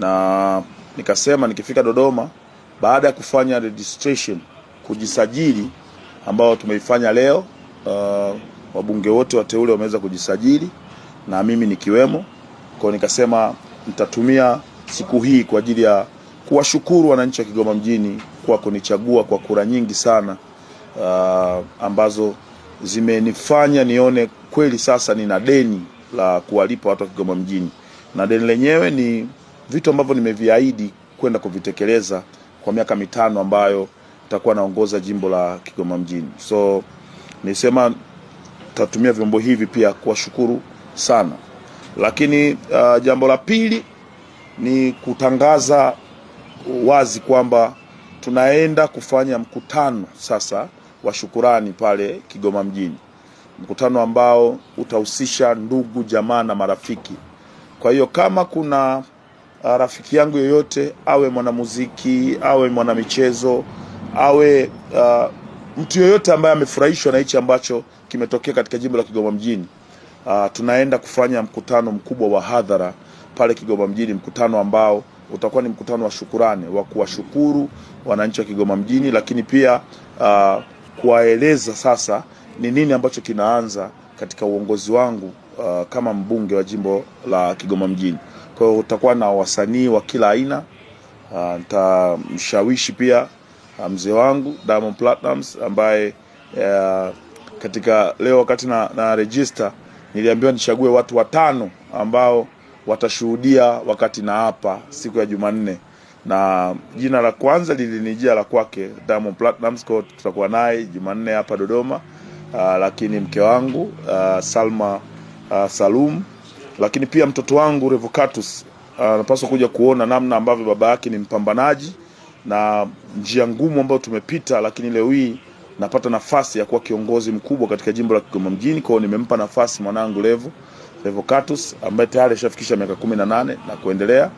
na nikasema nikifika Dodoma baada ya kufanya registration kujisajili ambayo tumeifanya leo. Uh, wabunge wote wateule wameweza kujisajili na mimi nikiwemo, kwa nikasema nitatumia siku hii kwa ajili ya kuwashukuru wananchi wa Kigoma mjini kwa kunichagua kwa kura nyingi sana uh, ambazo zimenifanya nione kweli sasa nina deni la kuwalipa watu wa Kigoma mjini, na deni lenyewe ni vitu ambavyo nimeviahidi kwenda kuvitekeleza kwa miaka mitano ambayo nitakuwa naongoza jimbo la Kigoma mjini. So nisema tatumia vyombo hivi pia kuwashukuru sana, lakini uh, jambo la pili ni kutangaza wazi kwamba tunaenda kufanya mkutano sasa wa shukurani pale Kigoma mjini, mkutano ambao utahusisha ndugu, jamaa na marafiki. Kwa hiyo kama kuna Uh, rafiki yangu yoyote, awe mwanamuziki, awe mwanamichezo, awe uh, mtu yoyote ambaye amefurahishwa na hichi ambacho kimetokea katika jimbo la Kigoma mjini. Uh, tunaenda kufanya mkutano mkubwa wa hadhara pale Kigoma mjini, mkutano ambao utakuwa ni mkutano wa shukurani wa kuwashukuru wananchi wa Kigoma mjini, lakini pia uh, kuwaeleza sasa ni nini ambacho kinaanza katika uongozi wangu uh, kama mbunge wa jimbo la Kigoma mjini. Kwa hiyo utakuwa na wasanii wa kila aina. Ah, nitamshawishi pia ah, mzee wangu Diamond Platnumz ambaye uh, katika leo wakati na, na register niliambiwa nichague watu watano ambao watashuhudia wakati na hapa siku ya Jumanne, na jina la kwanza lilinijia la kwake Diamond Platnumz, kwa tutakuwa naye Jumanne hapa Dodoma. Uh, lakini mke wangu uh, Salma uh, Salum lakini pia mtoto wangu Revocatus ah, anapaswa uh, kuja kuona namna ambavyo baba yake ni mpambanaji na njia ngumu ambayo tumepita, lakini leo hii napata nafasi ya kuwa kiongozi mkubwa katika jimbo la Kigoma mjini. Kwao nimempa nafasi mwanangu Revo Revocatus ambaye tayari ashafikisha miaka kumi na nane na kuendelea,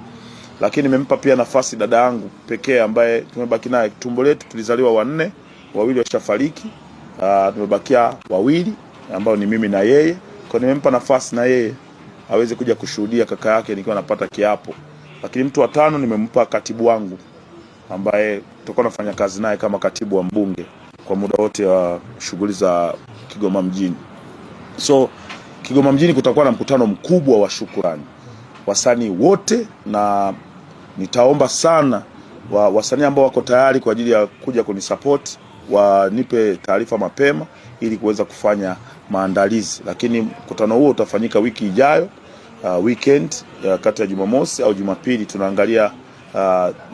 lakini nimempa pia nafasi dada yangu pekee ambaye tumebaki naye. Tumbo letu tulizaliwa wanne, wawili washafariki, uh, tumebakia wawili ambao ni mimi na yeye. Kwao nimempa nafasi na yeye aweze kuja kushuhudia kaka yake nikiwa napata kiapo. Lakini mtu wa tano nimempa katibu wangu ambaye tutakuwa nafanya kazi naye kama katibu wa mbunge kwa muda wote wa shughuli za Kigoma mjini. So Kigoma mjini kutakuwa na mkutano mkubwa wa shukurani wasanii wote, na nitaomba sana wa wasanii ambao wako tayari kwa ajili ya kuja kunisapoti wanipe taarifa mapema ili kuweza kufanya maandalizi, lakini mkutano huo utafanyika wiki ijayo uh, weekend uh, kati ya Jumamosi au Jumapili. Tunaangalia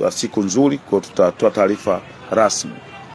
uh, siku nzuri, kwa tutatoa taarifa rasmi.